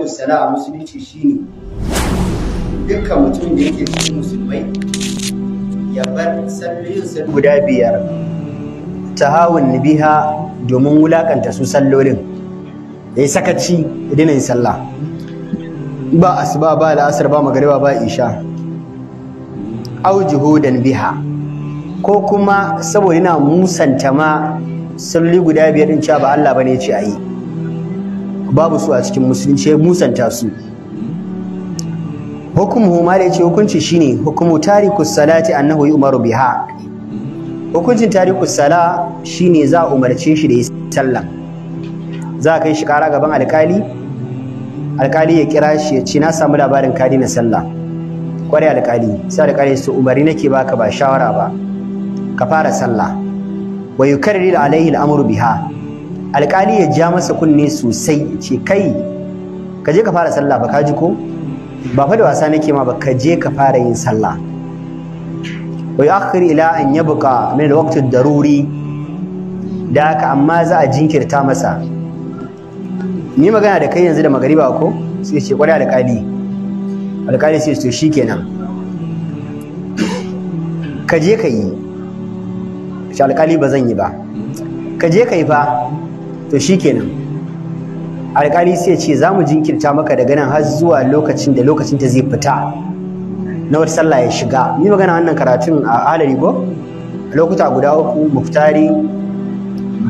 musala a musulunci shine dukkan mutumin da yake cikin musulmai ya bar sallolin guda biyar ta hawan biha domin wulakanta su sallolin ya yi sakaci ya daina yin sallah ba asuba ba la'asar ba magariba ba isha au juhudan biha ko kuma saboda yana musanta ma salloli guda biyar in cewa ba Allah bane ya ce a yi babu su a cikin musulunci ya musanta su hukumu ma da yace hukunci shine hukumu tarikus salati annahu yu'maru biha hukuncin tarikus sala shine za a umarce shi da ya sallah za a kai shi kara gaban alkali alkali ya kira shi ya ce na samu labarin kadi na sallah kware alkali sai alkali su umari nake baka ba shawara ba ka fara sallah wa yukarrir alaihi al'amru biha alƙali ya ja masa kunne sosai ce kai ka je ka fara sallah ba ka ji ko ba fa da wasa nake ma ba ka je ka fara yin sallah wa yu'akhir ila an yabqa min alwaqti daruri da haka amma za a jinkirta masa ni magana da kai yanzu da magariba ko sai ce kwarai alƙali alƙali sai to shikenan ka je ka yi shi alƙali ba zan yi ba ka je ka yi fa to shi shikenan alƙali sai ce za mu jinkirta maka daga nan har zuwa lokacin da lokacin ta zai fita na wata sallah ya shiga ni magana wannan karatun a alari ko lokuta guda uku muftari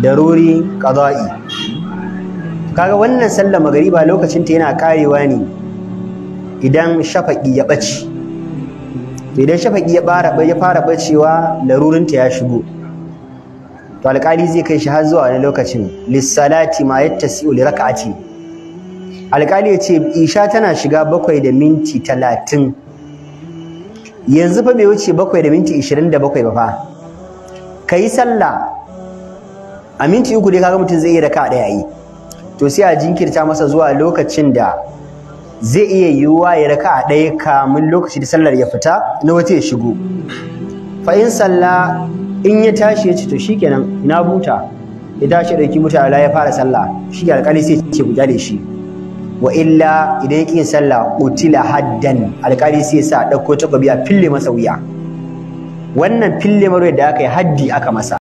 daruri qada'i kaga wannan sallar magariba lokacin ta yana karewa ne idan shafaƙi ya bace idan shafaqi ya fara bacewa larurinta ya shigo to alƙali zai kai shi har zuwa wani lokacin lissalati ma yattasi'u li rak'ati alƙali ya ce isha tana shiga bakwai da minti talatin yanzu fa bai wuce bakwai da minti ishirin da bakwai ba fa ka yi sallah a minti uku dai kaga mutum zai iya raka ɗaya yi to sai a jinkirta masa zuwa lokacin da zai iya yiwuwa ya raka a ɗaya kamun lokaci da sallar ya fita na wata ya shigo fa in in ya tashi ya ce to shikenan na buta ya tashi ya dauki mutu ya fara sallah shi alƙali sai ce ku jale shi wa illa idan yake sallah utila haddan alƙali sai sa dauko takobi a fille masa wuya wannan fille maro da aka yi haddi aka masa